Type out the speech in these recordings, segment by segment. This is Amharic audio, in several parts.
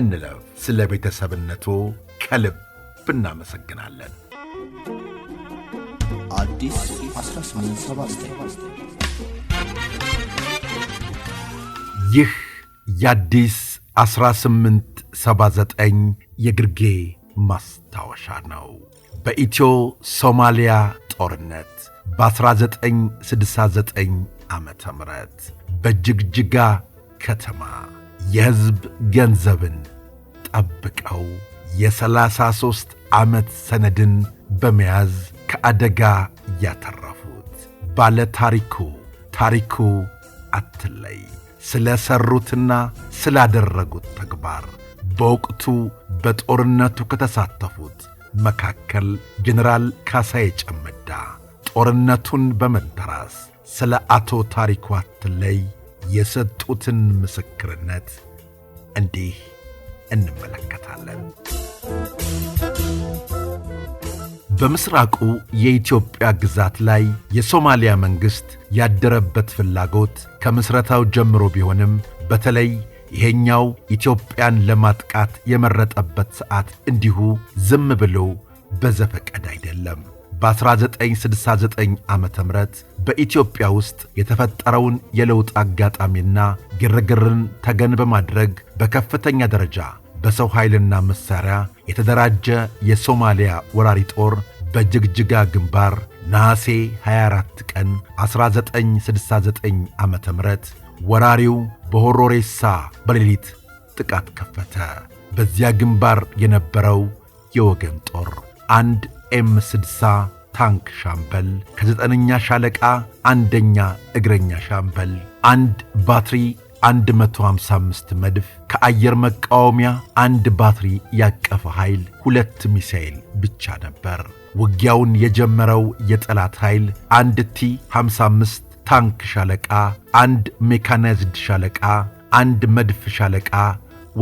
እንለፍ። ስለ ቤተሰብነቱ ከልብ እናመሰግናለን። ይህ የአዲስ 1879 የግርጌ ማስታወሻ ነው። በኢትዮ ሶማሊያ ጦርነት በ1969 ዓ ም በጅግጅጋ ከተማ የሕዝብ ገንዘብን ጠብቀው የሰላሳ ሦስት ዓመት ሰነድን በመያዝ ከአደጋ ያተረፉት ባለ ታሪኩ አትለይ ስለ ሠሩትና ስላደረጉት ተግባር በወቅቱ በጦርነቱ ከተሳተፉት መካከል ጀኔራል ካሳዬ ጨመዳ ጦርነቱን በመንተራስ ስለ አቶ ታሪኩ አትለይ የሰጡትን ምስክርነት እንዲህ እንመለከታለን። በምስራቁ የኢትዮጵያ ግዛት ላይ የሶማሊያ መንግሥት ያደረበት ፍላጎት ከምስረታው ጀምሮ ቢሆንም በተለይ ይሄኛው ኢትዮጵያን ለማጥቃት የመረጠበት ሰዓት እንዲሁ ዝም ብሎ በዘፈቀድ አይደለም። በ1969 ዓ ም በኢትዮጵያ ውስጥ የተፈጠረውን የለውጥ አጋጣሚና ግርግርን ተገን በማድረግ በከፍተኛ ደረጃ በሰው ኃይልና መሣሪያ የተደራጀ የሶማሊያ ወራሪ ጦር በጅግጅጋ ግንባር ነሐሴ 24 ቀን 1969 ዓ ም ወራሪው በሆሮሬሳ በሌሊት ጥቃት ከፈተ። በዚያ ግንባር የነበረው የወገን ጦር አንድ ኤም 60 ታንክ ሻምበል ከዘጠነኛ ሻለቃ አንደኛ እግረኛ ሻምበል አንድ ባትሪ 155 መድፍ ከአየር መቃወሚያ አንድ ባትሪ ያቀፈ ኃይል ሁለት ሚሳኤል ብቻ ነበር። ውጊያውን የጀመረው የጠላት ኃይል አንድ ቲ 55 ታንክ ሻለቃ፣ አንድ ሜካናይዝድ ሻለቃ፣ አንድ መድፍ ሻለቃ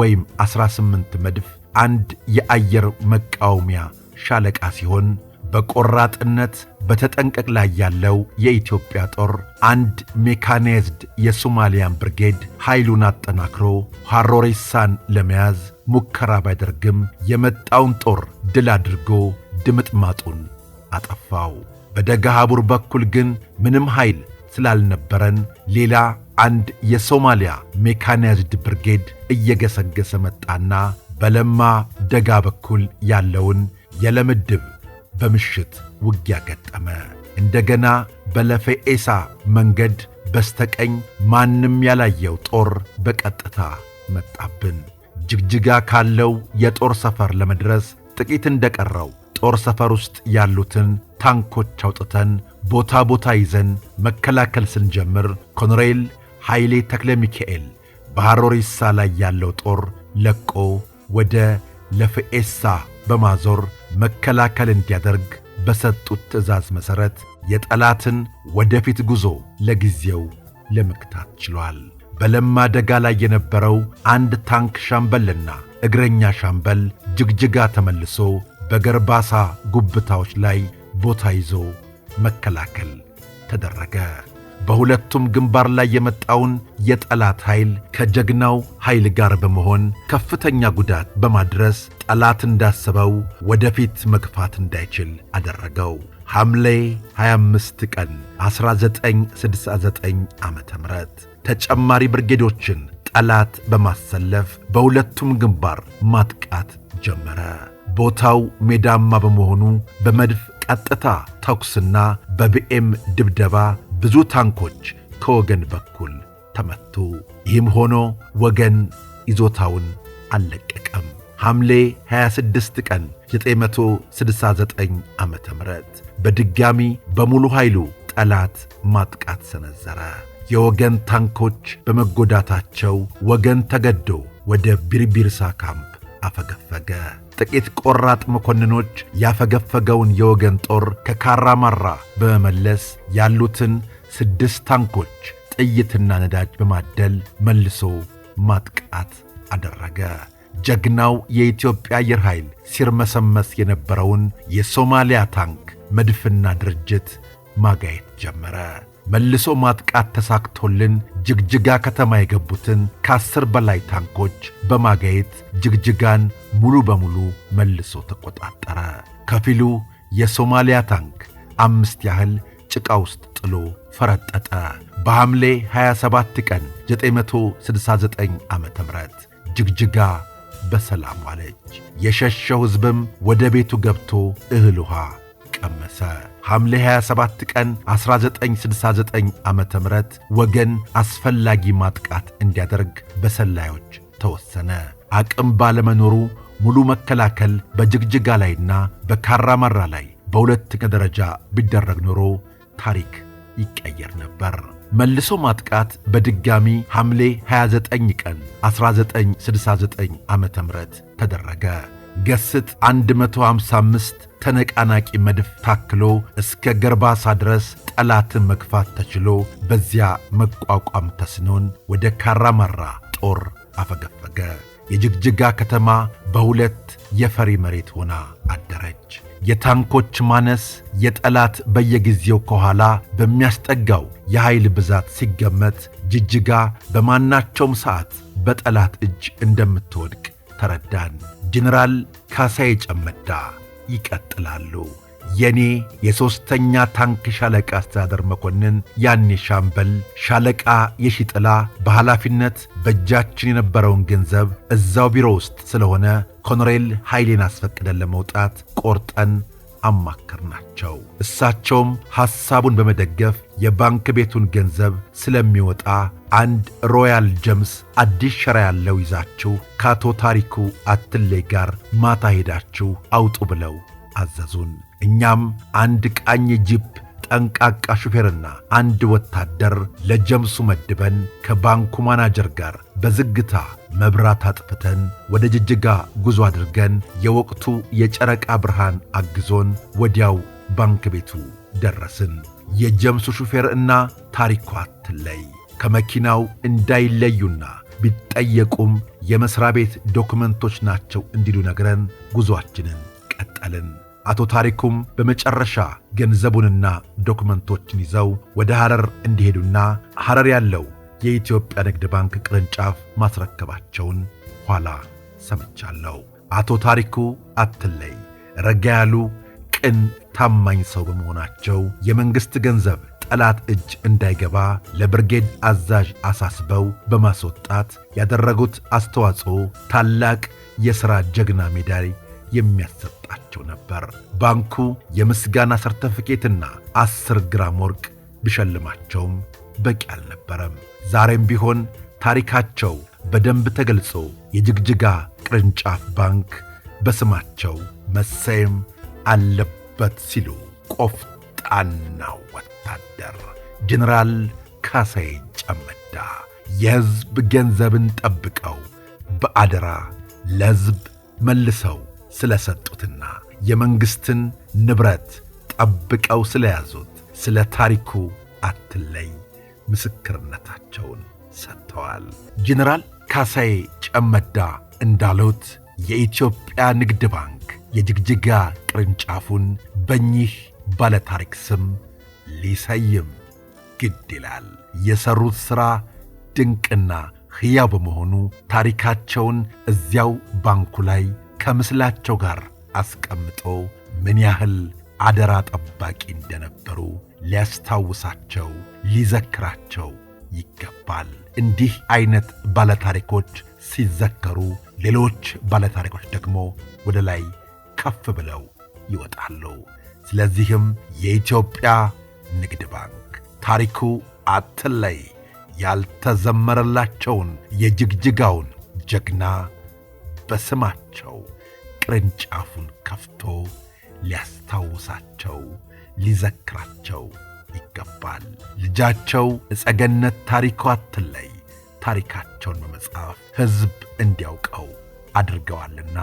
ወይም 18 መድፍ አንድ የአየር መቃወሚያ ሻለቃ ሲሆን በቆራጥነት በተጠንቀቅ ላይ ያለው የኢትዮጵያ ጦር አንድ ሜካናይዝድ የሶማሊያን ብርጌድ ኃይሉን አጠናክሮ ሐሮሬሳን ለመያዝ ሙከራ ባይደርግም የመጣውን ጦር ድል አድርጎ ድምጥማጡን አጠፋው። በደገሃቡር በኩል ግን ምንም ኃይል ስላልነበረን ሌላ አንድ የሶማሊያ ሜካናይዝድ ብርጌድ እየገሰገሰ መጣና በለማ ደጋ በኩል ያለውን የለምድብ በምሽት ውጊያ ገጠመ። እንደገና በለፌኤሳ መንገድ በስተቀኝ ማንም ያላየው ጦር በቀጥታ መጣብን። ጅግጅጋ ካለው የጦር ሰፈር ለመድረስ ጥቂት እንደቀረው ጦር ሰፈር ውስጥ ያሉትን ታንኮች አውጥተን ቦታ ቦታ ይዘን መከላከል ስንጀምር ኮሎኔል ኃይሌ ተክለ ሚካኤል ባሮሪሳ ላይ ያለው ጦር ለቆ ወደ ለፍኤሳ በማዞር መከላከል እንዲያደርግ በሰጡት ትዕዛዝ መሠረት የጠላትን ወደፊት ጉዞ ለጊዜው ለመግታት ችሏል። በለማ ደጋ ላይ የነበረው አንድ ታንክ ሻምበልና እግረኛ ሻምበል ጅግጅጋ ተመልሶ በገርባሳ ጉብታዎች ላይ ቦታ ይዞ መከላከል ተደረገ። በሁለቱም ግንባር ላይ የመጣውን የጠላት ኃይል ከጀግናው ኃይል ጋር በመሆን ከፍተኛ ጉዳት በማድረስ ጠላት እንዳሰበው ወደፊት መግፋት እንዳይችል አደረገው። ሐምሌ 25 ቀን 1969 ዓ ም ተጨማሪ ብርጌዶችን ጠላት በማሰለፍ በሁለቱም ግንባር ማጥቃት ጀመረ። ቦታው ሜዳማ በመሆኑ በመድፍ ቀጥታ ተኩስና በቢኤም ድብደባ ብዙ ታንኮች ከወገን በኩል ተመቱ። ይህም ሆኖ ወገን ይዞታውን አልለቀቀም። ሐምሌ 26 ቀን 969 ዓ ም በድጋሚ በሙሉ ኃይሉ ጠላት ማጥቃት ሰነዘረ። የወገን ታንኮች በመጎዳታቸው ወገን ተገዶ ወደ ቢርቢርሳ ካምፕ አፈገፈገ። ጥቂት ቆራጥ መኮንኖች ያፈገፈገውን የወገን ጦር ከካራማራ በመመለስ ያሉትን ስድስት ታንኮች ጥይትና ነዳጅ በማደል መልሶ ማጥቃት አደረገ። ጀግናው የኢትዮጵያ አየር ኃይል ሲርመሰመስ የነበረውን የሶማሊያ ታንክ መድፍና ድርጅት ማጋየት ጀመረ። መልሶ ማጥቃት ተሳክቶልን ጅግጅጋ ከተማ የገቡትን ከአስር በላይ ታንኮች በማጋየት ጅግጅጋን ሙሉ በሙሉ መልሶ ተቆጣጠረ። ከፊሉ የሶማሊያ ታንክ አምስት ያህል ጭቃ ውስጥ ጥሎ ፈረጠጠ። በሐምሌ 27 ቀን 969 ዓ ም ጅግጅጋ በሰላም ዋለች። የሸሸው ሕዝብም ወደ ቤቱ ገብቶ እህል ውሃ ተቀመሰ። ሐምሌ 27 ቀን 1969 ዓ ም ወገን አስፈላጊ ማጥቃት እንዲያደርግ በሰላዮች ተወሰነ። አቅም ባለመኖሩ ሙሉ መከላከል በጅግጅጋ ላይና በካራማራ ላይ በሁለተኛ ደረጃ ቢደረግ ኖሮ ታሪክ ይቀየር ነበር። መልሶ ማጥቃት በድጋሚ ሐምሌ 29 ቀን 1969 ዓ ም ተደረገ። ገስት 155 ተነቃናቂ መድፍ ታክሎ እስከ ገርባሳ ድረስ ጠላትን መግፋት ተችሎ በዚያ መቋቋም ተስኖን ወደ ካራማራ ጦር አፈገፈገ። የጅግጅጋ ከተማ በሁለት የፈሪ መሬት ሆና አደረች። የታንኮች ማነስ የጠላት በየጊዜው ከኋላ በሚያስጠጋው የኃይል ብዛት ሲገመት ጅጅጋ በማናቸውም ሰዓት በጠላት እጅ እንደምትወድቅ ተረዳን። ጀኔራል ካሳዬ ጨመዳ ይቀጥላሉ። የኔ የሦስተኛ ታንክ ሻለቃ አስተዳደር መኮንን ያኔ ሻምበል ሻለቃ የሺጥላ በኃላፊነት በእጃችን የነበረውን ገንዘብ እዛው ቢሮ ውስጥ ስለሆነ ኮኖሬል ኃይሌን አስፈቅደን ለመውጣት ቆርጠን አማከርናቸው። እሳቸውም ሐሳቡን በመደገፍ የባንክ ቤቱን ገንዘብ ስለሚወጣ አንድ ሮያል ጀምስ አዲስ ሸራ ያለው ይዛችሁ ከአቶ ታሪኩ አትሌ ጋር ማታ ሄዳችሁ አውጡ ብለው አዘዙን። እኛም አንድ ቃኝ ጂፕ ጠንቃቃ ሹፌርና አንድ ወታደር ለጀምሱ መድበን ከባንኩ ማናጀር ጋር በዝግታ መብራት አጥፍተን ወደ ጅጅጋ ጉዞ አድርገን የወቅቱ የጨረቃ ብርሃን አግዞን ወዲያው ባንክ ቤቱ ደረስን። የጀምሱ ሹፌር እና ታሪኩ ትለይ ከመኪናው እንዳይለዩና ቢጠየቁም የመሥሪያ ቤት ዶክመንቶች ናቸው እንዲሉ ነግረን ጉዞአችንን ቀጠልን። አቶ ታሪኩም በመጨረሻ ገንዘቡንና ዶክመንቶችን ይዘው ወደ ሐረር እንዲሄዱና ሐረር ያለው የኢትዮጵያ ንግድ ባንክ ቅርንጫፍ ማስረከባቸውን ኋላ ሰምቻለሁ። አቶ ታሪኩ አትለይ ረጋ ያሉ ቅን ታማኝ ሰው በመሆናቸው የመንግሥት ገንዘብ ጠላት እጅ እንዳይገባ ለብርጌድ አዛዥ አሳስበው በማስወጣት ያደረጉት አስተዋጽኦ ታላቅ የሥራ ጀግና ሜዳይ የሚያሰጣቸው ነበር። ባንኩ የምስጋና ሰርተፍኬትና አስር ግራም ወርቅ ቢሸልማቸውም በቂ አልነበረም። ዛሬም ቢሆን ታሪካቸው በደንብ ተገልጾ የጅግጅጋ ቅርንጫፍ ባንክ በስማቸው መሰየም አለበት ሲሉ ቆፍጣናው ወታደር ጀኔራል ካሳዬ ጨመዳ የሕዝብ ገንዘብን ጠብቀው በአደራ ለሕዝብ መልሰው ስለሰጡትና የመንግሥትን ንብረት ጠብቀው ስለያዙት ስለ ታሪኩ አትለይ ምስክርነታቸውን ሰጥተዋል። ጄኔራል ካሳይ ጨመዳ እንዳሉት የኢትዮጵያ ንግድ ባንክ የጅግጅጋ ቅርንጫፉን በእኚህ ባለታሪክ ስም ሊሰይም ግድ ይላል። የሠሩት ሥራ ድንቅና ሕያው በመሆኑ ታሪካቸውን እዚያው ባንኩ ላይ ከምስላቸው ጋር አስቀምጦ ምን ያህል አደራ ጠባቂ እንደነበሩ ሊያስታውሳቸው፣ ሊዘክራቸው ይገባል። እንዲህ አይነት ባለታሪኮች ሲዘከሩ፣ ሌሎች ባለታሪኮች ደግሞ ወደ ላይ ከፍ ብለው ይወጣሉ። ስለዚህም የኢትዮጵያ ንግድ ባንክ ታሪኩ አትለይ ያልተዘመረላቸውን የጅግጅጋውን ጀግና በስማቸው ቅርንጫፉን ከፍቶ ሊያስታውሳቸው ሊዘክራቸው ይገባል። ልጃቸው እጸገነት ታሪኩ አትለይ ታሪካቸውን በመጽሐፍ ሕዝብ እንዲያውቀው አድርገዋልና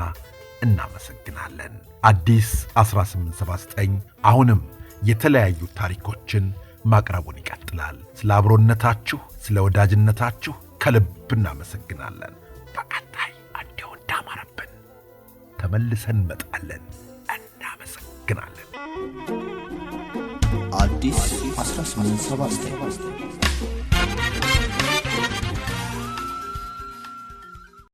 እናመሰግናለን። አዲስ 1879 አሁንም የተለያዩ ታሪኮችን ማቅረቡን ይቀጥላል። ስለ አብሮነታችሁ፣ ስለ ወዳጅነታችሁ ከልብ እናመሰግናለን። በቀጣይ እንዲሁ እንዳማረብን ተመልሰን እንመጣለን። እናመሰግናለን። አዲስ 1879